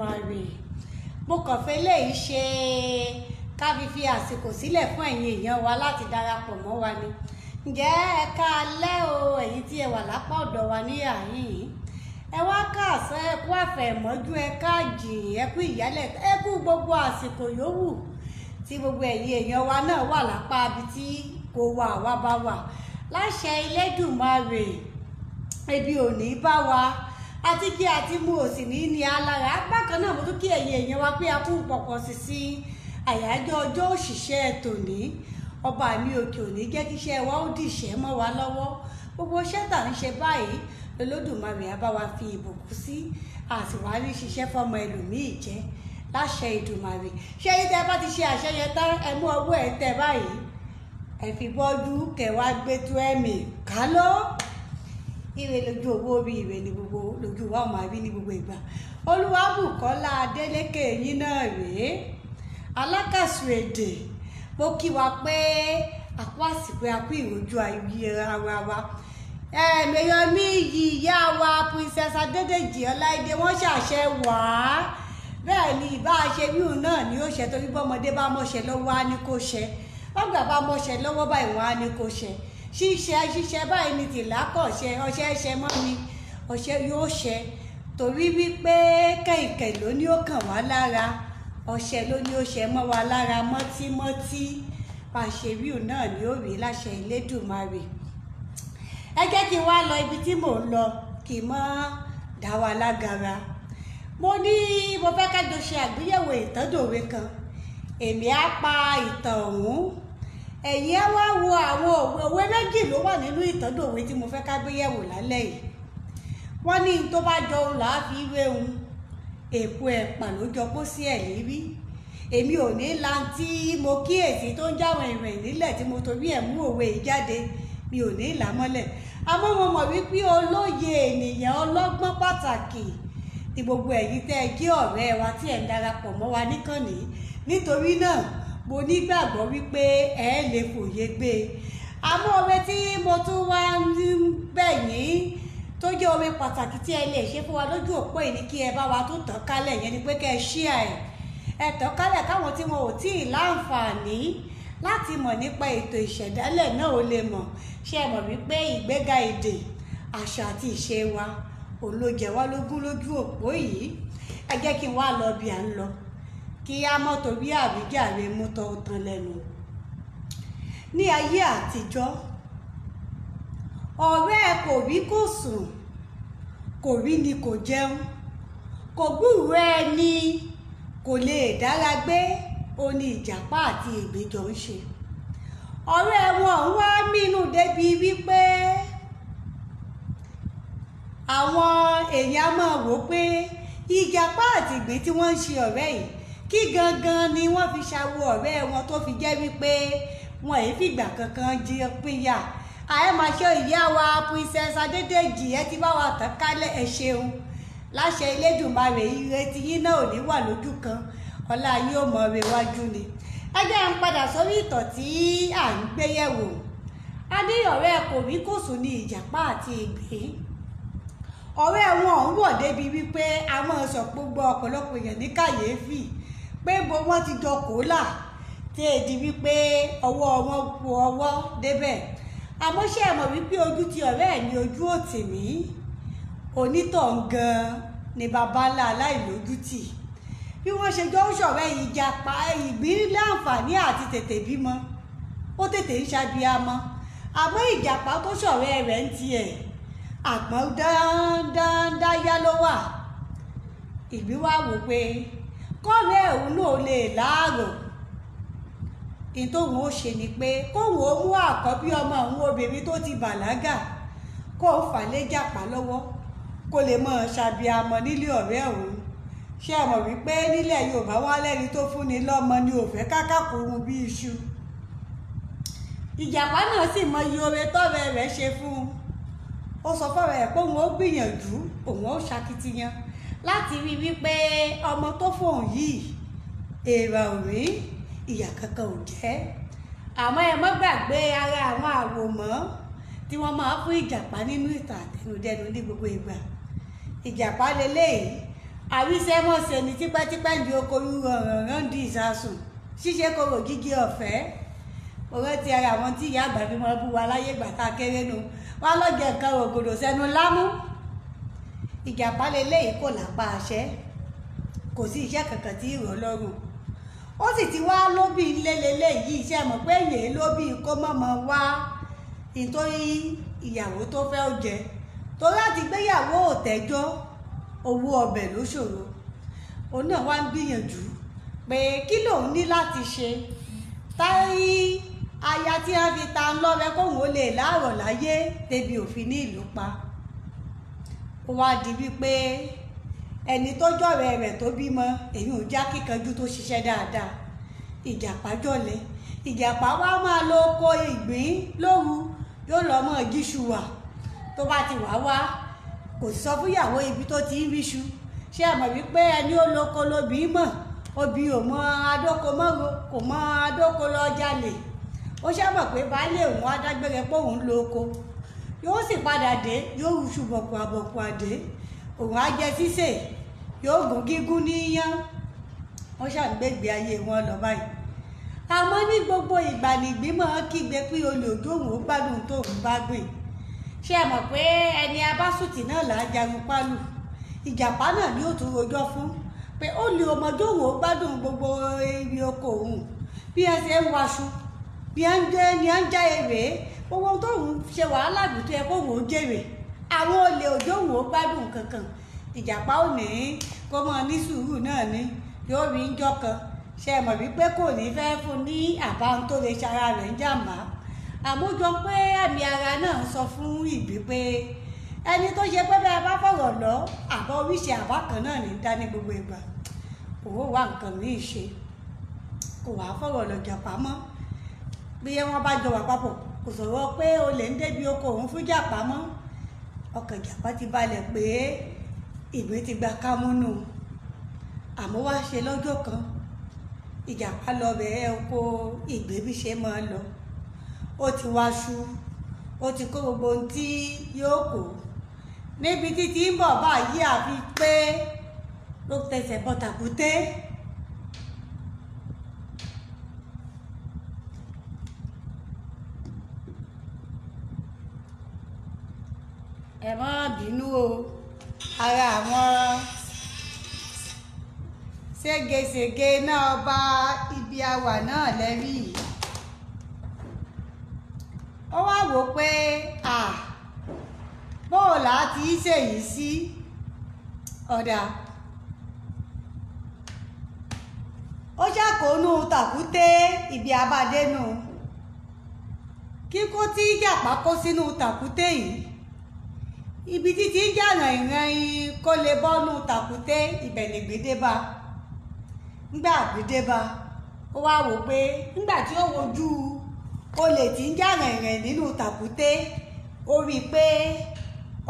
Elédùmarè mo kàn fẹ́ léyìí ṣe ká fi fi àsìkò sílẹ̀ fún ẹ̀yin èèyàn wa láti darapọ̀ mọ́ wa ni ǹjẹ́ ẹ káalẹ́ o ẹ̀yin tí ẹ wà lápá ọ̀dọ̀ wa ní àyìn ẹ wá káàsán ẹ kú àfẹ̀mọ́jú ẹ káàjìn ẹ kú ìyálẹ̀ ẹ kú gbogbo àsìkò yòówù tí gbogbo ẹ̀yin èèyàn wa náà wà lápá ibi tí kò wà wá bá wà láṣẹ Elédùmarè ebi ò ní bá wa. àti kí àti mu òsì ní ní alára bákan náà mo tún kí ẹ̀yin èèyàn wa pé a kú pọ̀pọ̀ sí sí àyájọ́ ọjọ́ òṣìṣẹ́ tòní ọba mi òkè òní jẹ́ kí iṣẹ́ wa ó dì ìṣẹ́ mọ́ wa lọ́wọ́ gbogbo iṣẹ́ tà ń ṣe báyìí lolódùmarè á bá wa fi ìbùkún sí àtiwárí ṣiṣẹ́ fọmọ ẹlòmíì jẹ́ láṣẹ ìdùmarè ṣé yín tẹ́ bá ti ṣe àṣeyẹ tán ẹ mú ọwọ́ ẹ tẹ báyìí ẹ fi bọ́jú kẹwàá gbé ẹ̀mí kálọ́ ire lójú owó rí ire ní gbogbo lójú wa máa rí ní gbogbo ìgbà olúwabùkọ́lá adélékè yín náà rèé alákàsù èdè mo kí wa pé àpò àsìkò àpò ìrojú ara wa mèyọmí ìyá wa princess adédèjì ọláìdé wọ́n ṣàṣẹ wá bẹ́ẹ̀ ni ìbá ṣe wíwù náà ni ó ṣe torí bọ́mọdé bá mọ̀ṣẹ́ lọ́wọ́ á ní kó ṣe ọgbà bá mọ̀ṣẹ́ lọ́wọ́ báyìí wọ́n á ní kó ṣe ṣíṣe ṣíṣe báyìí ni tìlákọ̀ṣe ọṣẹ ṣe mọ́ mi ọṣẹ yóò ṣe torí wípé kẹ̀kẹ́ ló ní ó kàn wá lára ọṣẹ ló ní ó ṣe mọ́ wa lára mọ́tímọ́tí pàṣẹwíù náà ni ó rí láṣẹ Elédùmarè ẹ jẹ́ kí n wá lọ ibi tí mò ń lọ kì í mọ́ dá wa lágara mo ní mo fẹ́ ká jọ ṣe àgbéyẹ̀wò ìtàn dòwe kan èmi á pa ìtàn ọ̀hún ẹ̀yin á wá wo àwọn òwe méjì ló wà nínú ìtọ́dòwe tí mo fẹ́ ká gbé yẹ̀wò lálẹ́ yìí wọ́n ní tó bá jọ òun làá fi wé òun èpo ẹ̀pà ló jọ kó sí ẹ̀ lérí èmi ò ní lantí mo kíyèsí tó ń jáwọn ìrìn nílẹ̀ tí mo torí ẹ̀ mú òwe yìí jáde mi ò ní là mọ́lẹ̀ àmọ́ mo mọ̀ wípé olóye ènìyàn ọlọ́gbọ́n pàtàkì ti gbogbo ẹ̀yin tẹ́ ẹ jẹ́ ọ̀rẹ́ wa tí ẹ̀ ń darapọ̀ mọ́ wa níkànnì nítorí náà mo nígbàgbọ́ wípé ẹ lè fòye gbé e àmọ́ oore tí mo tún wá ń bẹ̀ yín tó jẹ́ oore pàtàkì tí ẹ lè ṣe fún wa lójú òpó yìí ni kí ẹ bá wa tó tàn kálẹ̀ yẹn ni pé kẹ́ ẹ ṣí ẹ̀ ẹ tàn kálẹ̀ káwọn tí wọn ò tí ì láǹfààní láti mọ̀ nípa ètò ìṣẹ̀dálẹ̀ náà ó lè mọ̀ ṣé ẹ mọ̀ wípé ìgbéga èdè àṣà àti ìṣe wa òun ló jẹ wá lógún lójú òpó yìí ẹ jẹ́ kí n wá lọ bí à ń lọ kí á mọ́tò bí àwíjàre mú tọ́ tán lẹ́nu ní ayé àtijọ́ ọ̀rẹ́ kò rí kò sùn kò rí ni kò jẹun kò gbúrò ẹni kò lè dára gbé ó ní ìjàpá àti ìgbẹ́jọ ń ṣe ọ̀rẹ́ wọn wá mínú débi wípé àwọn èèyàn máa wò pé ìjàpá àti ìgbín tí wọ́n ń ṣe ọ̀rẹ́ yìí kí gangan ni wọ́n fi ṣàwo ọ̀rẹ́ wọn tó fi jẹ́ wípé wọn èyí fìgbà kankan jẹ pínyà àyè máa ṣe ìyá wa princess adédèjì ẹ ti bá wa tàn kálẹ̀ ẹ ṣeun láṣẹ ilédùnmarè ìrètí yín náà ò ní wà lójú kan ọlá yín ò mọ rẹ wájú ni ẹgbẹ́ ń padà sórí ìtàn tí à ń gbé yẹ̀wò a ní ọ̀rẹ́ kòríkòsùn ní ìjàpá àti ìgbé ọ̀rẹ́ wọn ò ń wọ̀ débi wípé àwọn sọ gbogbo ọ̀pọ̀lọpọ̀ èèyàn ní kàyéfì pé bo wọ́n ti jọ kòólà tí è di wípé ọwọ́ wọn ku ọwọ́ débẹ̀ àmọ́ ṣé ẹ mọ̀ wípé ojú ti ọ̀rẹ́ ẹ̀ ní ojú òtì mí onítọ̀hún gan ni bàbá ńlá aláìlójútì bí wọ́n ṣe jọ ń ṣọ̀rẹ́ ìjàpá ìgbín láǹfààní àti tètè bímọ ó tètè ń ṣàbíamọ àmọ́ ìjàpá tó ṣọ̀rẹ́ rẹ̀ ń tiẹ̀ àgbọ̀n dáńdáńdá yá ló wà ìgbín wá wò pé kọ́ọ̀nù ẹ̀hún náà lè láàrò ní tóun ó ṣe ni pé kóun ó mú àkọ́bí ọmọ òun obìnrin tó ti bàlágà kó o fà lé jàpá lọ́wọ́ kó lè mọ̀ ṣàbíamọ nílé ọ̀rẹ́ òun ṣé ẹ mọ̀ wípé nílẹ̀ Yorùbá wá lẹ́ni tó fúnni lọ́mọ ni òfẹ́ kákàkùrù bí iṣu ìjàpá náà sì mọ iye oore tọ́rẹ́ rẹ̀ ṣe fún un ó sọ fọ́rọ̀ ẹ̀ pé òun ó gbìyànjú òun ó ṣakitiyan láti rí wípé ọmọ tó fòun yìí èèrà ò ìyà kankan ò jẹ́ àmọ́ ẹ mọ́ gbàgbé ara àwọn àwòmọ́ tí wọ́n máa fún ìjàpá nínú ìtàn àtẹnudẹ́nu ní gbogbo ìgbà ìjàpá leléyìí àríṣẹ́ mọ̀ ṣe ni tipẹ́tipẹ́ ń di oko rúrọ̀ rán di ìsásùn ṣíṣe koro gígé ọ̀fẹ́ òwe ti ara àwọn tí ìyá àgbà fi mọ́ bú wa láyé ìgbà tá a kéré nu nǹkan ògòdò sẹ́nu lámú ìjàpá leléyìí kò lápá àṣẹ kò sí iṣẹ́ kankan tí ìrọ̀ lọ́rùn ó sì ti wá lóbi ilé leléyìí iṣẹ́ mọ̀ pé èyí lóbi kó mọ̀mọ́ wá nítorí ìyàwó tó fẹ́ ó jẹ tó láti gbéyàwó òtẹ́jọ́ owó ọbẹ̀ ló ṣòro òun náà wá ń gbìyànjú pé kí lòun ní láti ṣe táyì aya tí wọ́n fi ta lọ́rẹ́ kóun ó lè láàrọ̀ láyé tẹbi òfin ní ìlú pa ó wá di wípé ẹni tó jọ̀rẹ́ rẹ̀ tó bímọ èyí ò já kíkanjú tó ṣiṣẹ́ dáadáa ìjàpá jọ̀lẹ ìjàpá wá máa lọ kó ìgbín lóru yóò lọ mọ jíṣu wà tó bá ti wá wá kò sọ fúyàwó ibi tó ti ń ríṣu ṣé ẹ mọ̀ wípé ẹni ó lóko lóbi mọ̀ obì ò mọ adóko mọ́ kò mọ adóko lọ́ọ́ jalè ó ṣàmọ̀ pé baálé òun adágbére pé òun lóko yóò sì padà dé yóò ṣù bọ̀kùà bọ̀kùà dé òun á jẹ sísè yóò gùn gígún níyán wọ́n ṣàgbégbé ayé wọn lọ báyìí àmọ́ ní gbogbo ìgbà nìgbìmọ̀ kígbe pé olùdóhùn ó gbádùn tó ń bá gbìn mọ̀ pé ẹni abásùtì náà là á jagun pálù ìjàpá náà ni ó tún gbogbo ibi oko òun bí ẹ ṣe ń bí à ń jẹ ni à ń já èrè owó tó ń ṣe wàhálà bí tó yẹ kó wò ó jèrè àwọn olè òjò wò ó gbádùn kankan ìjàpá ò ní kó mọ ní sùúrù náà ni yóò rí ń jọ ṣe mọ̀ wípé kò ní fẹ́ fún ní àbá tó lè ṣara rẹ̀ ń jàǹbá àmójọ pé àmì ara náà ń sọ fún ìbí pé ẹni tó ṣe pé bẹ́ẹ̀ bá fọ̀rọ̀ lọ àbá oríṣi àbá kan náà ní dání gbogbo ìgbà òwò wà nǹkan ní ìṣe kò wá fọ̀rọ̀ lọ jàpá mọ́ bí wọ́n bá jọ wà papọ̀ kò sọ̀rọ̀ pé olè ń débi oko òun fún jàpá mọ́ ọkàn ìjàpá ti balẹ̀ pé ìwé ti gba kámúnú àmọ́ wá ṣe lọ́jọ́ kan ìjàpá lọ bẹ̀ẹ́ oko ìgbé bí ṣe máa lọ ó ti wá ó ti kó gbogbo ohun tí yóò kó níbi títí ń bọ̀ báyìí àfi pé ló tẹsẹ̀ bọ bínú o ara àwọn ségesège náà bá ibi àwà náà lẹ́rí ó wá wò pé à bóò láti ṣèyí sí ọ̀dà ó ṣàkóónú tàkúté ibi abádẹ́nu kíkó tí jàpá kó sínú tàkúté yìí ibi títí ń jànà ìrìn kó lè bọ́nú tàkúté ibẹ̀ nìgbédébà ńgbà gbédébà ó wá wò pé ńgbà tí ó wojú olè tí ń jànà ìrìn nínú tàkúté ó rí i pé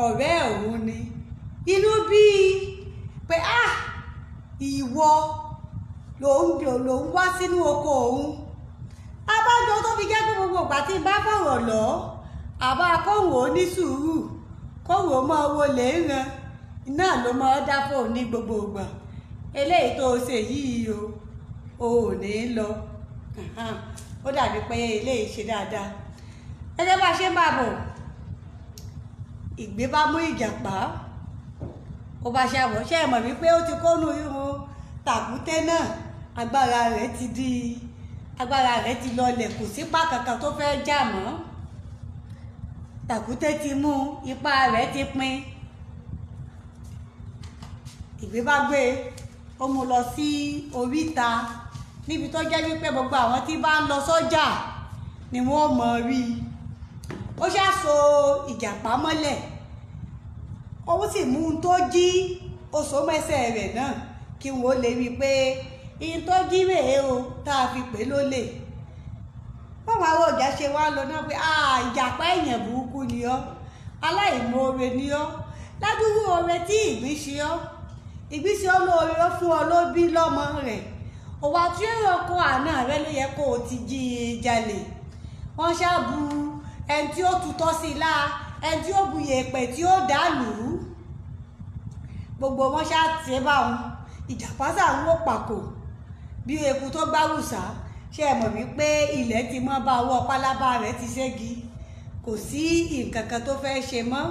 ọ̀rẹ́ òun ni inú bíi pé ah ìwọ lòun lòun wá sínú oko òun abájọ tó fi jẹ́ pé gbogbo ìgbà tí n bá fọ̀rọ̀ lọ àbá kóhùn ó ní sùúrù kówó máa wo lè ń ran náà ló máa dá fóun ní gbogbo ìgbà eléyìí tó o ṣe yìí o o ò ní lọ ó dàbí pé eléyìí ṣe dáadáa gẹ́gẹ́ bá ṣe ń bàbọ ìgbé bá mú ìjàpá ó bá ṣàwọ ṣe é mọ̀ wípé ó ti kónú irun tàkúté náà agbára rẹ̀ ti di agbára rẹ̀ ti lọlẹ̀ kò sí pàkàkà tó fẹ́ jà mọ́ tàkúté ti mú ipá rẹ̀ ti pin ìgbébágbé ó mú lọ sí oríta níbi tó jẹ́ wípé gbogbo àwọn tí bá ń lọ sọ́jà ni wọ́n mọ̀ rí i ó ṣàṣọ ìjàpá mọ́lẹ̀ òun sì mú un tó jí oṣù mẹ́sẹ̀ rẹ̀ náà kí wọ́n lè rí i pé ihun tó jí rèé o tá a fi pè lólè báwọn àwọn ọ̀dà ṣe wá lọ náà pé ìjàpá èèyàn burúkú ni ọ́ aláìmoore ni ọ́ ládùúgbò oore tí ìgbín ṣe ọ́ ìgbín ṣe olóore ó fún ọ ló bí lọ́mọ rẹ̀ òwà tí ó yọ ọkọ àná rẹ ló yẹ kó o ti jí i jalè wọ́n ṣáàbù ẹni tí ó tutọ́ sí i láa ẹni tí ó bu yèèpẹ̀ tí ó dá lù ú gbogbo wọn ṣáà tẹ́ báwọn ìjàpá sà ń wò pàkó bí eku tó gbárùsà ṣé ẹ mọ̀ wípé ilẹ̀ ti mọ́ bá ọwọ́ pálábá rẹ̀ ti ṣẹ́gi kò sí nǹkan kan tó fẹ́ ṣe mọ́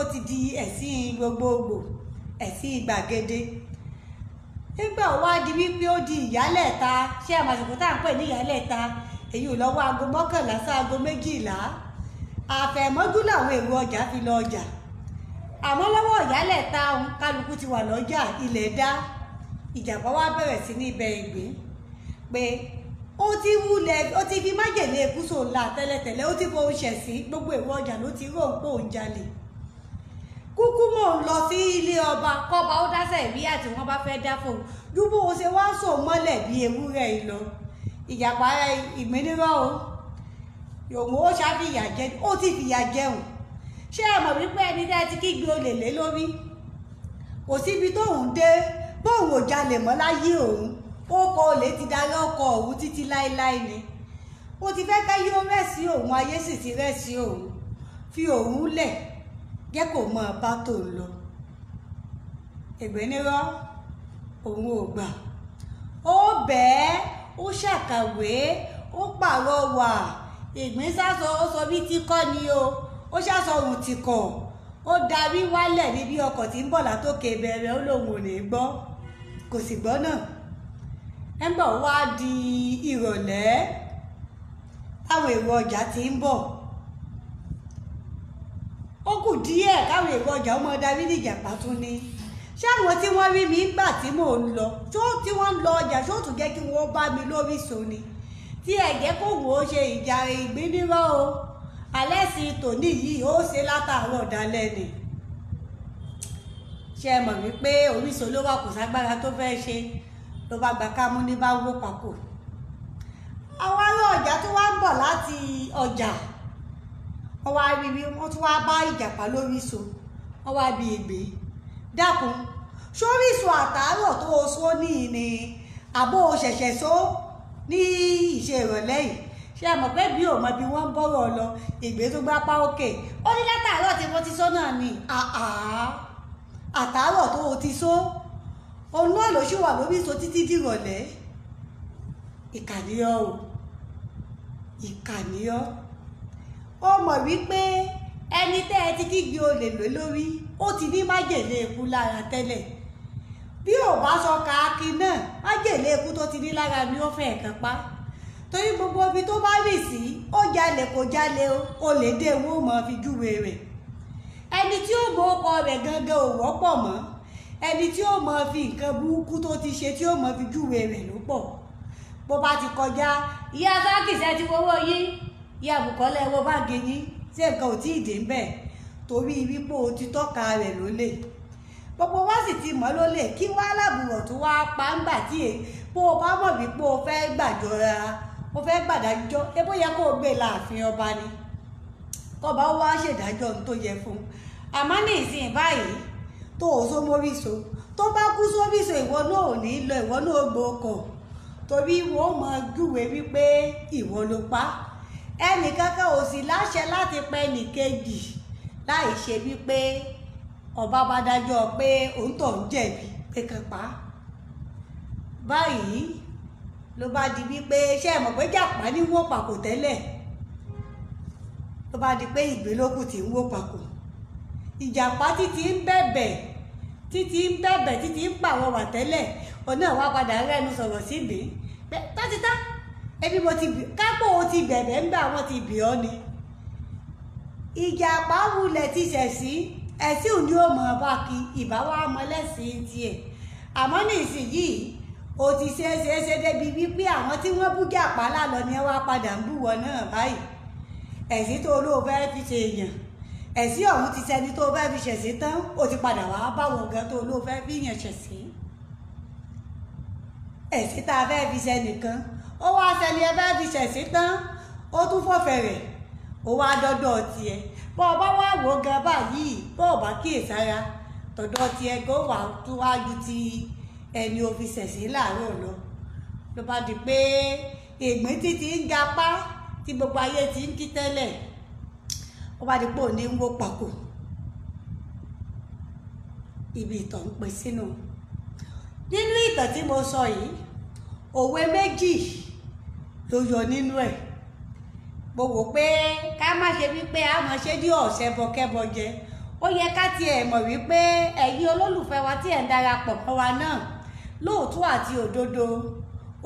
ó ti di ẹ̀sìn gbogbogbò ẹ̀sìn gbàgede nígbà wá di wípé ó di ìyálẹ̀ta ṣé ẹ mọ̀ àsìkò tá à ń pè ní ìyálẹ̀ta èyí ò lọ́wọ́ aago mọ́kànlá sáago méjìlá àfẹ̀mọ́jú làwọn èrò ọjà fi lọ ọjà àmọ́ lọ́wọ́ ìyálẹ̀ta òun kálukú ti wà lọ́jà ilẹ̀ dá ìjàpá wa bẹ̀rẹ̀ sí ní ibẹ̀ ìgbín pé ó ti wulẹ̀ ó ti fi májèlé èkúsò ńlá tẹ́lẹ̀tẹ́lẹ̀ ó ti fọ oṣẹ̀ sí gbogbo ìwọ ọjà ló ti rò ń pò ń jalè kúkú mò ń lọ sí ilé ọba kọba ó dáṣẹ ìbí àti wọn bá fẹ́ dá fóun dúpọ ó ṣe wá sò mọ́lẹ̀ bí ewúrẹ́ ìlọ ìjàpá ìmínírọ o yòówó ó ṣáfi ìyà jẹ ó ti fìyà jẹun ṣé ẹ wípé ẹni dá ti kígbe olè lé lórí kò síbi tóun dé bóun ò jalè mọ́ láyé òun ọkọ̀ olè ti darí ọkọ̀ ọ̀hún títí láéláé ni ó ti fẹ́ ká yóò rẹ́sí òun ayé sì ti rẹ́sí òun fi òun lẹ̀ jẹ́ kó mọ bá tó ń lọ ẹgbẹ́nirọ́ òun ò gbà ó bẹ́ẹ̀ ó ṣàkàwé ó pààrọ̀ wà ìgbín sásọ ó sọ bí kọ́ ni o ó ti kọ̀ ó darí wálẹ̀ níbi ọkọ̀ tí nígbà wá di ìrọ̀lẹ́ táwọn èrò ọjà ti ń bọ̀ ó kù díẹ̀ káwọn èrò ọjà ọmọ darí níjàmbá tún ní ṣé àwọn tí wọ́n rí mi gbà tí mò ń lọ tó tí wọ́n ń lọ ọjà tó tún jẹ́ kí wọ́n bá mi lórí so ni tí ẹ̀jẹ̀ kò wò ó ṣe ìjà ìgbínírọ́ o alẹ́ sí tòní yìí ó ṣe látàárọ̀ dalẹ́ ni ṣe mọ̀ wípé Orísun ló wà kò ságbára tó fẹ́ ṣe ló bá gba kámú ní bá wó papò àwọn ará ọjà tó wá ń bọ̀ láti ọjà wọ́n wá rí rí wọ́n tún wá bá ìjàpá lórí so wọ́n wá bí ègbé dákun sórí so àtàárọ̀ tó o so ní ìní àbó o ṣẹ̀ṣẹ̀ so ní ìṣe ìrọ̀lẹ́ yìí ṣé ẹ pé bí ò mọ bí wọ́n ń bọ̀rọ̀ lọ ìgbé tó gbá pa òkè ó ní látàárọ̀ tí wọ́n ti so náà ni àtàárọ̀ tó o ti so òun náà ló ṣì wà lórí ìṣó títí dìrọ̀lẹ́ ìkànnìyàn o ìkànnìyàn ó mọ̀ wípé ẹni tẹ́ ẹ ti kígbe olè lé lórí ó ti ní májèlé eku lára tẹ́lẹ̀ bí ò bá sọ káàkiri náà májèlé eku tó ti ní lára ni ó fẹ́ẹ̀ kan pa torí gbogbo ibi tó bá rì sí ó jalè kò jalè o lè dé ewu ó fi júwe rẹ̀ ẹni tí ó mọ ọkọ rẹ̀ gangan ò wọ́pọ̀ mọ́ ẹni tí ó mọ fi nǹkan burúkú tó ti ṣe tí ó mọ fi júwe rẹ̀ ló pọ̀ bó bá ti kọjá ìyá sákìsẹ ti wọwọ yín ìyá àbùkọlẹ wọ báàgì yín tí nǹkan ò tí ì dé ń bẹ torí wípé o ti tọ́ka rẹ̀ lólè gbogbo wá sì ti mọ̀ lólè kí wá lábùrọ̀ tó wá pa ń gbà tí bó o bá mọ̀ wípé o fẹ́ gbàjọra o fẹ́ gbàdájọ́ ẹ bóyá kó o gbé láàfin ọba ni kọba wá ṣèdájọ́ ohun tó yẹ fún un ní ìsìn báyìí tó o sọ móríṣo tó bá kú sóríṣo ìwọ náà ò ní lọ ìwọ náà gbọ́kàn torí wọn ò máa júwe wípé ìwọ ló pa ẹnì kankan ò sì láṣẹ láti pa ẹnì kejì láì ṣe wípé ọba bá dájọ́ pé òun tó ń jẹ̀bi pé kan pa á báyìí ló bá di wípé ṣé ẹ mọ̀ pé jàpá ní wó pàkó tẹ́lẹ̀ ló bá di pé ìgbélókù tí ń wó pàkó ìjàpá títí ń bẹ̀bẹ̀ títí ń bẹ̀bẹ̀ títí ń pàwọ̀ wà tẹ́lẹ̀ ọ̀nà ìwà padà rẹ́nu sọ̀rọ̀ sí mi tátítá ẹbí mo ti bì kápò o ti bẹ̀bẹ̀ ńgbà wọn ti bì ọ́ ni ìjàpá wulẹ̀ ti ṣẹ̀sí ẹ̀sìn òní ò mọ̀ bá kí ìbáwá ọmọlẹ́sìn tiẹ̀ àmọ́ ní ìsinyìí o ti ṣe é ṣe é ṣe débi wípé àwọn tí wọ́n bú jàpá lálọ́ ni ẹ wá padà ń búwọ́ náà báyìí ẹ̀sìn tó olóòfẹ́ fi ṣe èèyàn ẹ̀sìn ọ̀hún ti sẹni tó fẹ́ fi ṣẹ̀sìn tán ó ti padà wá báwọn gan tó ló fẹ́ fi yàn ṣẹ̀sìn ẹ̀sìn tá a fẹ́ fi sẹnìkan ó wá sẹni ẹ fẹ́ fi ṣẹ̀sìn tán ó tún fọ̀fẹ̀ rẹ̀ ó wá dọ́dọ̀ tiẹ̀ bọ́ ọ bá wá wò gan báyìí bọ́ ọ bá kíyèsára tọ̀dọ̀ tiẹ̀ gan wà tún wá ju ti ẹni ó fi ṣẹ̀sìn láàárọ̀ lọ ló bá di pé ègbín títí ń gapá tí gbogbo ayé ti ń kí tẹ́lẹ̀ ó bá di pé òní ń wó pàkó ibi ìtàn ń pín sínú nínú ìtàn tí mo sọ yìí òwe méjì ló yọ nínú ẹ̀ mo wò pé ká má ṣe wípé a máa ṣe ní ọ̀sẹ̀ bọkẹ́bọ jẹ ó yẹ ká tiẹ̀ mọ̀ wípé ẹ̀yin olólùfẹ́ wa tí ẹ̀ ń darapọ̀ mọ́ wa náà lóòótọ́ àti òdodo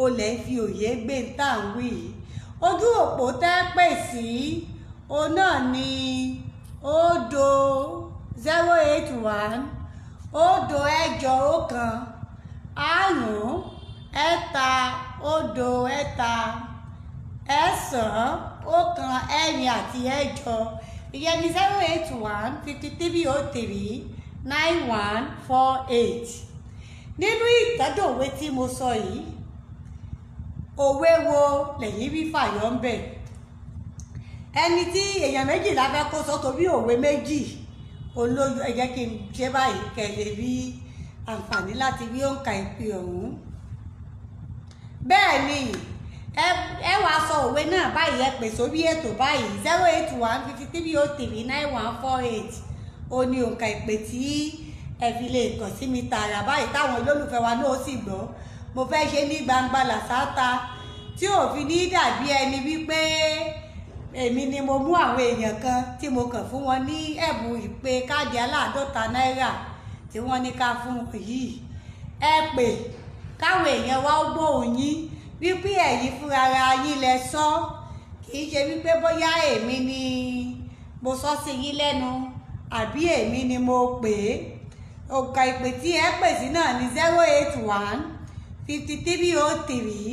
olè fi òye gbé ń tà ń wí ojú òpó tẹ́ pè sí. Si òun náà ni Odo zero eight one Odo ẹ̀jọ ọ̀kan àrùn ẹ̀ta òdo ẹ̀ta ẹ̀sán ọ̀kan ẹ̀rin àti ẹ̀jọ ìyẹn ni zero eight one fifty three oh three nine one four eight nínú ìtẹ́dọ̀wé tí mo sọ yìí òwe wo lẹ́yìn rí fàyọ́ ń bẹ̀ ẹni tí èèyàn méjìlá fẹ́ kó sọ torí òwe méjì olóyún ẹ jẹ́ kí n ṣe báyìí kẹ́ lè rí àǹfààní láti rí òǹkà ìpè ọ̀hún bẹ́ẹ̀ ni ẹ wàá sọ òwe náà báyìí ẹ pè sórí ètò báyìí zero eight one fifty three oh three nine one four eight ó ní òǹkà ìpè tí ẹ fi lè kàn sí mi tààrà báyìí táwọn olólùfẹ́ wa náà sì gbọ́ mo fẹ́ ṣe ní gbangba làṣáta tí òfin ní dàbí ẹni wípé èmi ni mo mú àwọn èèyàn kan tí mo kàn fún wọn ní ẹ̀bùn ìpè káàdì aláàdọ́ta náírà tí wọ́n ní ká fún wọn yìí ẹ pè káwọn èèyàn wá ó gbóhùn yín wípé ẹ̀yin fúnra yín lẹ sọ kì í ṣe wípé bóyá èmi ni mo sọ sí yín lẹ́nu àbí èmi ni mo pè é òǹkà ìpè tí ẹ pè sí náà ni zero eight one fifty three oh three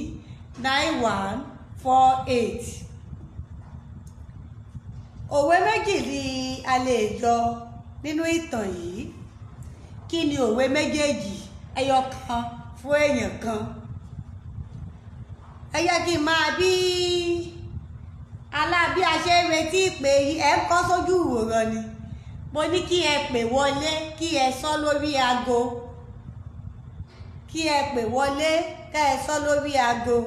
nine one four eight òwe méjì ni a lè yọ nínú ìtàn yìí kí ni òwe méjèèjì ẹyọ kan fún èèyàn kan ẹyẹ kí n máa bí alábí a ṣe ń retí pé ẹ ń kọ́ sójú ìwòran ni mo ní kí ẹ pè wọlé kí ẹ sọ lórí aago kí ẹ pè wọlé ká ẹ sọ lórí aago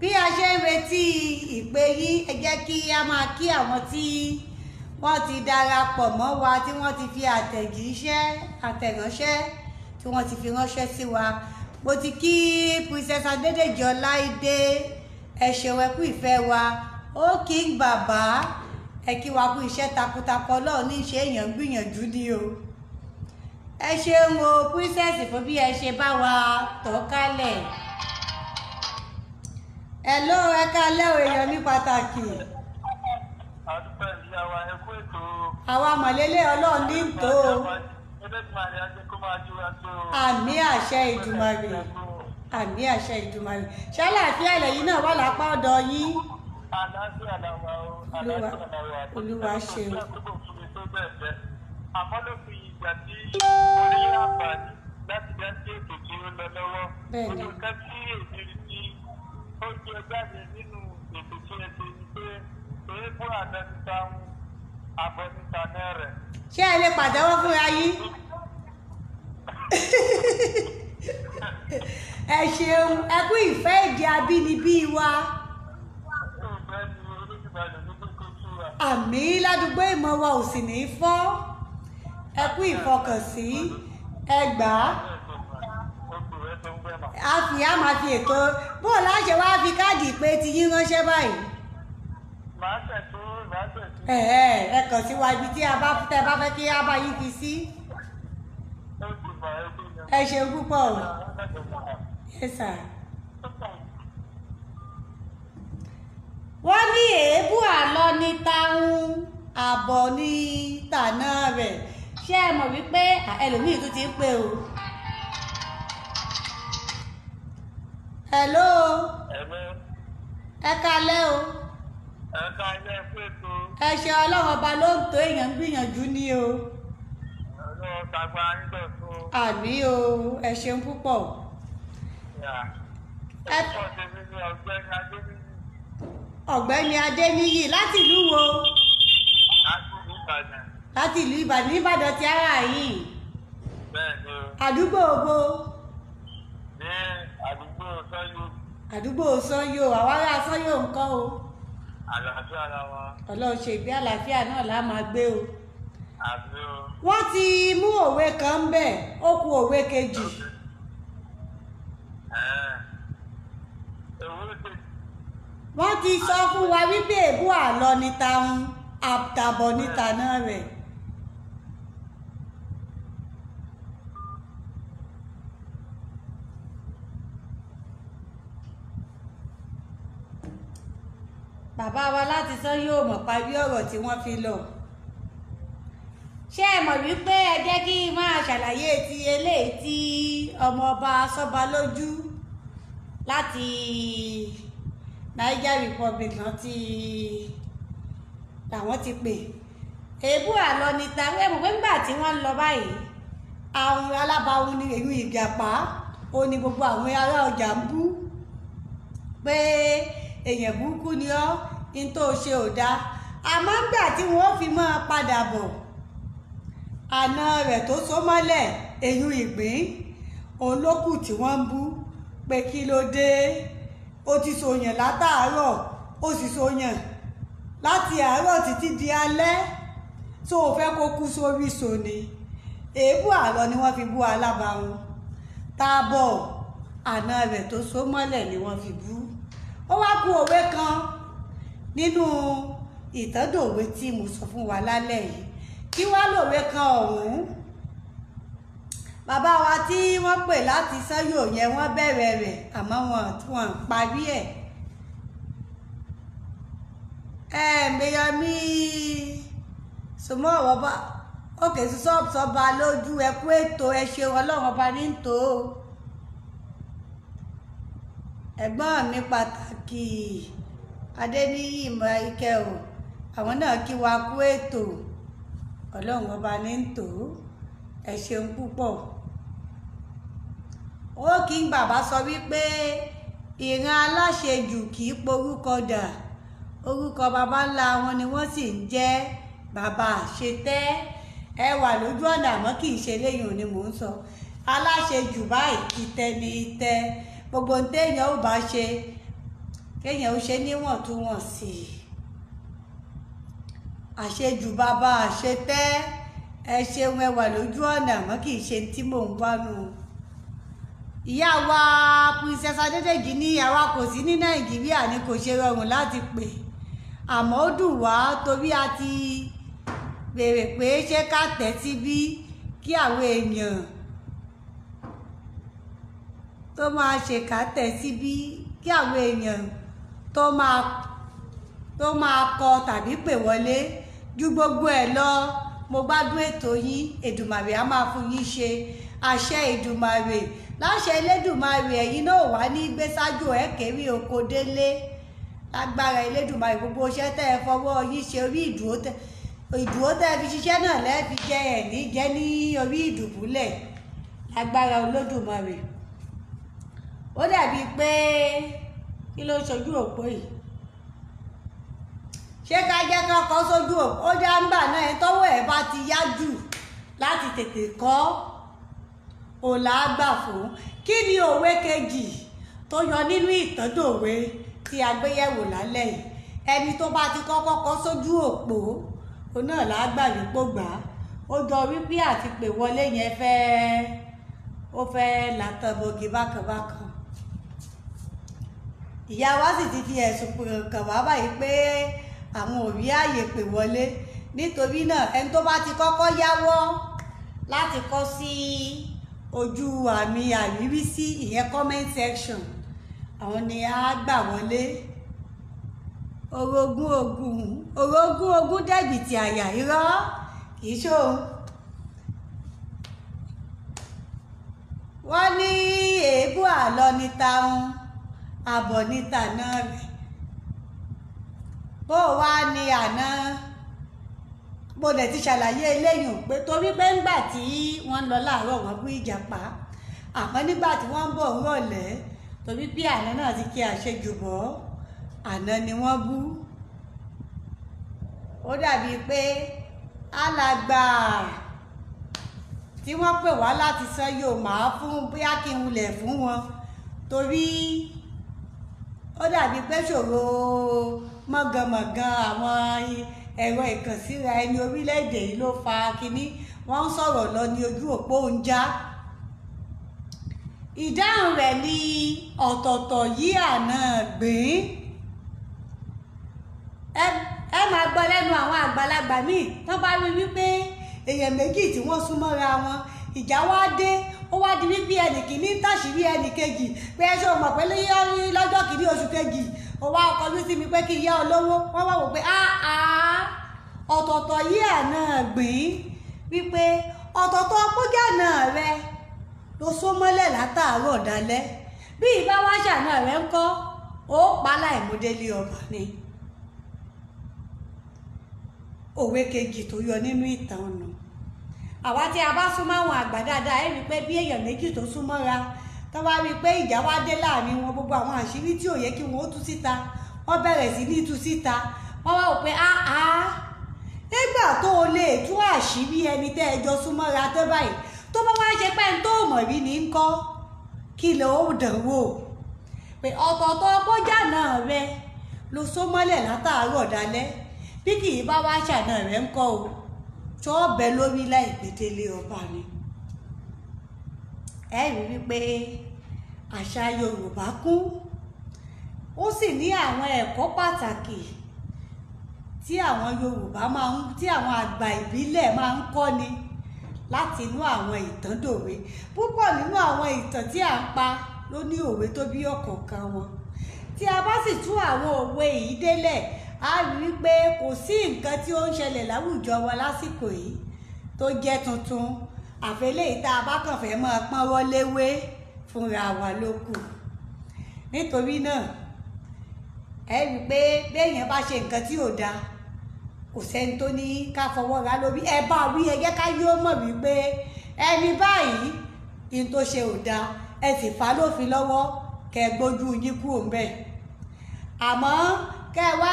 bí a ṣe ń retí ìpè yín ẹ jẹ́ kí a máa kí àwọn tí wọ́n ti darapọ̀ mọ́ wa tí wọ́n ti fi àtẹ̀jíṣẹ́ àtẹ̀ránṣẹ́ tí wọ́n ti fi ránṣẹ́ sí wa mo ti kí princess adédèjì ọláìdé ẹ ṣeun ẹ kú ìfẹ́ wa ó kí ń bàbá ẹ kí wa kú iṣẹ́ takuntakun ọlọ́run ní ṣe èèyàn gbìyànjú ni o ẹ ṣeun o princess fún bí ẹ ṣe bá wa tọ́ kálẹ̀ hello ẹ kálẹ́ o èèyàn ní pàtàkì. àdúgbò ìyá wa ẹ kú ètò. àwa mọ̀lélẹ́ ọlọ́run ní ìtò. àmì àṣẹ ìdùmarè àmì àṣẹ ìdùmarè ṣàlàáfíà ẹlẹ́yìn náà wà lápá ọ̀dọ̀ yín. olúwa ṣeun. àmọ́ ló tó jẹ jáde nínú ètò tí ẹ ṣe ni pé eégún àtẹnuta ń abẹnuta náà rẹ. ṣé ẹ lè pàdánwò fúnra yín? ẹ ṣeun ẹ ìfẹ́ èdè abínibí wa. àmì ládùúgbò ìmọ̀ wa ò sì ní í fọ́ ẹ ìfọkànsí ẹ a fi a máa fi ètò bó o láṣẹ wá fi káàdì ìpè ti yín ránṣẹ́ báyìí. màá ṣètò màá ṣètò. ẹ ẹ ẹ kàn sí wa ibi tí a bá tẹ bá fẹ́ kí a bá yín fi sí. ẹ ṣe púpọ̀ o. ẹ wọ́n ní èébú àlọ́ ní táwọn àbọ̀ ní tànà rẹ̀ ṣé ẹ mọ̀ wípé ẹlòmíì tún ti ń pè o. hello. hello. ẹ kalẹ́ o. ẹ kalẹ́ fètò. ẹ ṣe ọlọ́run ọba ló ń tó èèyàn ń gbìyànjú ní o. ọlọ́run tàgbà ń bẹ̀ fún. àbí o ẹ ṣeun púpọ̀. ẹ pọ̀ tèmi ni ọ̀gbẹ́ni adéníyì. ọ̀gbẹ́ni adéníyì láti ìlú wo. láti ìlú ìbàdàn. láti ìlú ìbàdàn ìbàdàn ti ara yìí. bẹ́ẹ̀ o. àdúgbò ògbó. ní àdúgbò sọ́yò. àdúgbò sọ́yò àwa ará sọ́yò o. àlàáfíà la wa. ọlọ́run ṣe ìgbé àlàáfíà náà la máa gbé o. àbí o. wọ́n ti mú òwe kan ń bẹ̀ ó kù òwe kejì. wọ́n ti sọ fún wa wípé èbú àlọ́ níta ń àtàbọ̀ níta náà rẹ̀. bàbá wa láti sọ yóò mọ̀ parí ọ̀rọ̀ tí wọ́n fi lọ ṣé ẹ mọ̀ wípé ẹ jẹ́ kí n máa ṣàlàyé ti eléyìí tí ọmọọba Sọ́balójú láti Niger Republic náà ti làwọn ti pè èébú àlọ ni ta ẹ mọ̀ pé nígbà tí wọ́n ń lọ báyìí àwọn alábàáwọn ní èyí ìjàpá ó ní gbogbo àwọn ará ọjà ń bú pé èèyàn burúkú ni ọ́ ní tó ṣe ò dáa àmọ́ ńgbà tí wọ́n fi máa padà bọ̀ àna rẹ̀ tó so mọ́lẹ̀ eyín ìgbín òun ló kù tí wọ́n ń bú pé kí ló dé ó ti sòyàn látàárọ̀ ó sì sòyàn láti àárọ̀ títí di alẹ́ tó o fẹ́ kó kú sórí sòní èébú àlọ́ ni wọ́n fi bú alábàáhùn táàbọ̀ àna rẹ̀ tó so mọ́lẹ̀ ni wọ́n fi bú ó wá ku òwe kan nínú ìtàndòwe tí mo sọ fún wa lálẹ́ yìí kí wá lòwe kan ọ̀hún bàbá wa tí wọ́n pè láti sẹ́yò yẹn wọ́n bẹ̀rẹ̀ rẹ̀ àmọ́ wọn wọn parí ẹ̀ ẹ̀ẹ́mẹyọmí sọmọ ọ̀wọ́ bá òkè sísọ́ọ̀bù sọba lójú ẹkú ètò ẹ ṣeun ọlọ́run ọba ní tòó ẹ̀gbọ́n mi pàtàkì adéníyì ike o àwọn náà kí wa kú ètò ọlọ́run ọba ní ń tò ó ẹ ṣeun púpọ̀ ó kí n bàbá sọ wípé ìran aláṣejù kì í porúkọ dà orúkọ baba ńlá wọn ni wọ́n sì ń jẹ́ bàbá ṣetẹ́ ẹ wà lójú ọ̀nà àmọ́ kì í ṣe léyìn òní mò ń sọ aláṣejù báyìí ìtẹ́ ni ìtẹ́ gbogbo ní téèyàn ò bá ṣe kéèyàn ó ṣe níwọ̀ntúnwọ̀nsì àṣejù bàbá àṣetẹ́ ẹ ṣeun ẹwà lójú ọ̀nà àmọ́ kì í ṣe tí mò ń wá nù ìyá wa princess adédèjì ní àwa kò sí ní nàìjíríà ni kò ṣe rọrùn láti pè àmọ́ ó dùn wá torí a ti béèrè pé ṣé ká tẹ́tí bí kí àwọn èèyàn tó máa ṣèkà tẹ̀ síbí kí àwọn èèyàn tó máa tó máa kọ tàbí pè wọlé ju gbogbo ẹ̀ lọ mo gbádùn ètò yín Èdùmàrè á máa fún yín ṣe àṣẹ Èdùmàrè láṣẹ Elédùmarè ẹ̀yin náà wà ní gbéṣájú ẹ̀ kéré oko délé lágbára Elédùmarè gbogbo iṣẹ́ tẹ́ ẹ fọwọ́ yín ṣe orí ìdúró tẹ́ ìdúró tẹ́ ẹ fi ṣiṣẹ́ náà lẹ́ẹ̀ jẹ ẹ̀ ní jẹ́ ní orí ìdùbúlẹ̀ lágbára Olódùmarè ó dàbí pé kí ló ṣojú òpó yìí ṣé ká jẹ́ ká kọ́ sójú òpó ó já ń bà náà ẹ tọ́wọ́ ẹ̀ bá ti yá jù láti tètè kọ́ ò láàgbà fún kí ni òwe kejì tó yọ nínú ìtọ́dòwe tí a gbé yẹ̀wò lálẹ́ yìí ẹni tó bá ti kọ́kọ́ kọ́ sójú òpó òun náà láàgbà yòókù gbà ó jọ wípé àti pè wọlé yẹn fẹ́ ó fẹ́ làtàbọ̀gì bákanbákan ìyá wa sì ti fi ẹ̀sùn kàn wá báyìí pé àwọn ò rí àyè pè wọlé nítorí náà ẹni tó bá ti kọ́kọ́ yáwọ́ láti kọ sí ojú àmì àríwísí ìyẹn comment section àwọn ni a gbà wọlé orogún ogun orogún ogun dẹ̀bìtì àyà irọ́ kì í ṣóhun wọ́n ní èébú àlọ́ ní taun àbọ̀ ní tàná rẹ̀ bó wá ní àná mo dẹ̀ ti ṣàlàyé eléyìí pé torí pé ńgbà tí wọ́n lọ láàárọ̀ wọ́n gún ìjàpá àmọ́ nígbà tí wọ́n ń bọ̀ ń rọ̀lẹ́ torí pé àná náà ti kí àṣejù bọ́ àná ni wọ́n bú ó dàbí pé alàgbà tí wọ́n pè wá láti sọ yóò máa fún bóyá kí n wulẹ̀ fún wọn torí ó dàbí pé ṣòro mọ̀gànmọ̀gàn àwọn ẹ̀rọ ìkànsíra ẹni orílẹ̀-èdè yìí ló fa kínní wọ́n ń sọ̀rọ̀ lọ ní ojú òpó oúnjẹ ìdáhùn rẹ̀ ni ọ̀tọ̀ọ̀tọ̀ yí àná gbìn ẹ máa gbọ́ lẹ́nu àwọn àgbàlagbà míì tán bá rí wípé èèyàn méjì tí wọ́n súnmọ́ra wọn ìjà wá dé wá di wípé ẹnì kìíní tàṣírí ẹnì kejì pé ẹ ṣe o mọ̀ pé lọ́jọ́ kìíní oṣù kejì ó wá kọjú sí mi pé kí n yá olówó wọ́n wá wò pé áá ọ̀tọ̀ọ̀tọ̀ yí àná gbìn wípé ọ̀tọ̀ọ̀tọ̀ pọ́jà náà rẹ ló só mọ́lẹ̀ látàárọ̀ dalẹ́ bí ìbá wá ṣàná rẹ ń kọ́ ó pa láìmọdélé ọba ni òwe kejì tó yọ nínú ìtàn ọ̀nà àwa tí a bá súnmọ́ àwọn àgbà dáadáa ẹ̀ rí pé bí èèyàn méjì tó súnmọ́ra tó wá rí i pé ìjà wá dé láàrin wọn gbogbo àwọn àṣírí tí ò yẹ kí wọn ó tú síta wọ́n bẹ̀rẹ̀ sí ní tú síta wọ́n wá wò pé áá nígbà tó o lè tú àṣírí ẹni tẹ́ ẹ jọ súnmọ́ra tó báyìí tó bá wá ṣe pé ń tó mọ̀ rí ní kọ́ kí lè ó dàn wò pé ọ̀tọ̀ọ̀tọ̀ bọ́jà náà rẹ ló so mọ́lẹ̀ látàárọ̀ dalẹ́ bí kì í bá wá ṣàna rẹ̀ ń kọ́ o ṣọ́ọ̀bẹ lórí láìpẹ́tẹ́lé ọba ni ẹ rí wípé àṣà Yorùbá kún ó sì ní àwọn ẹ̀kọ́ pàtàkì tí àwọn Yorùbá máa ń tí àwọn àgbà ìbílẹ̀ máa ń kọ́ni láti inú àwọn ìtàn dòwe púpọ̀ nínú àwọn ìtàn tí à ń pa ló ní òwe tó bí ọ̀kọ̀ọ̀kan wọn tí a bá sì tú àwọn òwe yìí délẹ̀ a rí wípé kò sí nǹkan tí ó ń ṣẹlẹ̀ láwùjọ wa lásìkò yìí tó jẹ́ tuntun àfẹ́lẹ́ ìta abákànfẹ́ máa pọ́n wọléwé fúnra wa ló kù nítorí náà ẹ rí i pé béèyàn bá ṣe nǹkan tí ò dáa kò sẹ́ni tó ní ká fọwọ́ ra lórí ẹ bá wí ẹ jẹ́ ká yóò mọ̀ wípé ẹni báyìí ní tó ṣe ò dáa ẹ sì fà lófin lọ́wọ́ kẹ gbójú yín kúrò ń bẹ̀ àmọ́ kẹ́ ẹ wá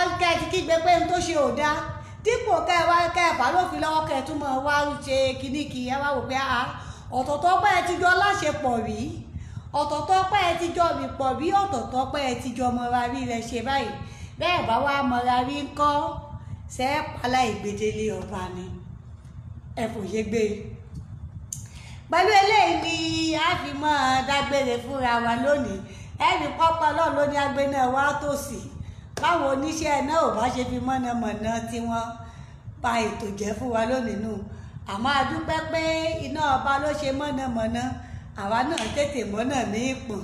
pé n tó ṣe ò dáa dípò kẹ́ ẹ wá kẹ́ ẹ tún mọ̀ wá ṣe kíníkì ẹ wá wò pé a ọ̀tọ̀tọ̀ pé ẹ ti jọ láṣepọ̀ rí ọ̀tọ̀tọ̀ pé ẹ ti jọ mìpọ̀ rí ọ̀tọ̀tọ̀ pé ẹ ti jọ mọ̀ra rí rẹ ṣe báyìí bẹ́ẹ̀ bá wá mọ̀ra rí ńkọ́ ṣe é pala ìgbèdélé ọba ni ẹ kò yé gbé pẹ̀lú eléyìí ni a fi mọ́ dágbére fúnra wa lónìí ẹnì pọ́pọ́ náà ló ní agbéná wa tòsí báwọn oníṣẹ́ náà ò bá ṣe fi mọ̀nàmọ̀nà tí wọ́n ba ètò jẹ́ fún wa lónìí nù àmọ́ a dúpẹ́ pé iná ọba ló ṣe mọ̀nàmọ̀nà àwa náà tètè mọ́nà ní ìpọ̀n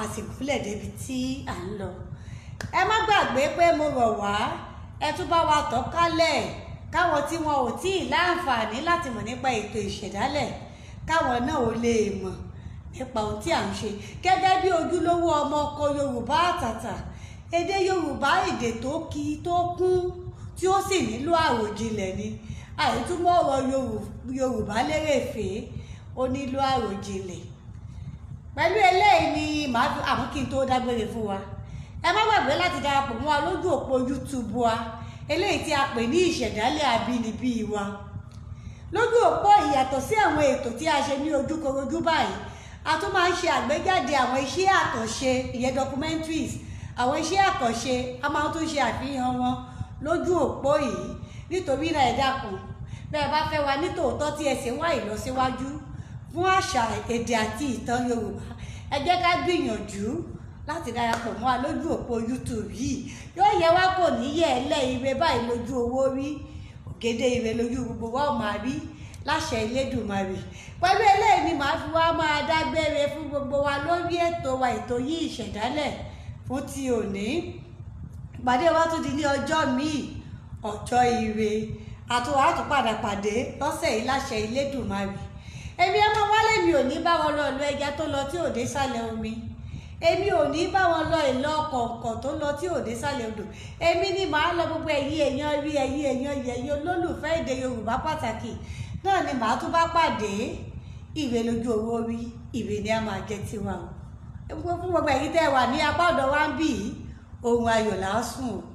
àsìkúlẹ̀ débi tí à ń lọ ẹ má gbàgbé pé mo rọ̀ wá ẹ tún bá wa tọ́ kálẹ̀ káwọn tí wọn ò tí ì láǹfààní láti mọ̀ nípa ètò ìṣẹ̀dálẹ̀ káwọn náà ò lè mọ̀ nípa ohun tí à ń ṣe gẹ́gẹ́ bí ojúlówó ọmọ ọkọ Yorùbá àtàtà èdè Yorùbá èdè tó ki tó kún tí ó sì nílò àròjinlẹ̀ ni àìtúmọ̀ ọ̀rọ̀ Yorùbá lérèfé ó nílò àròjinlẹ̀ pẹ̀lú eléyìí ni màá fi àmú kí n tó dágbére fún wa ẹ má gbàgbé láti darapọ̀ mọ́ wa lójú òpó YouTube wa eléyìí tí a pè ní ìṣẹ̀dálẹ̀ àbínibí wa lójú òpó ìyàtọ̀ sí àwọn ètò tí a ṣe ní ojúkorojú báyìí a tún máa ń ṣe àgbéjáde àwọn iṣẹ́ àkànṣe ìyẹn documentaries àwọn iṣẹ́ àkànṣe a máa tún ṣe àfihàn wọn lójú òpó yìí nítorí náà ẹ dákun bẹ́ẹ̀ bá fẹ́ wa nítòótọ́ tí ẹ sì wá ìlọsíwájú fún àṣà èdè àti ìtàn Yorùbá ẹ jẹ́ ká gbìyànjú láti darapọ̀ mọ́ wa lójú òpó YouTube yìí yóò yẹ wá kò ní yẹ ẹlẹ́ ire báyìí lójú owó rí ògèdè ire lójú gbogbo wa ò máa rí láṣẹ Elédùmarè pẹ̀lú eléyìí ni màá fi wá máa dágbére fún gbogbo wa lórí ètò wa ètò yìí ìṣẹ̀dálẹ̀ fún ti òní ìpàdé wa tún di ní ọjọ́ míì ọjọ́ ire àtúwà tún padà pàdé lọ́sẹ̀ yìí láṣẹ Elédùmarè èmi ẹ máa wálé mi ò ní bá wọn lọ ìlú ẹja tó lọ tí ò dé sálẹ̀ omi èmi ò ní bá wọn lọ ìlọ kọ̀ọ̀kan tó lọ tí ò dé sálẹ̀ odò èmi ni màá lọ gbogbo ẹ̀yin èèyàn rí ẹ̀yin èèyàn yẹ̀yìn olólùfẹ́ èdè Yorùbá pàtàkì náà ni màá tún bá pàdé ìwé lójú owó rí ìwé ni a máa jẹ́ tiwa o fún gbogbo ẹ̀yin tẹ́ wà ní apá ọ̀dọ̀ wa ń bì í ohun ayọ̀ làásùn o.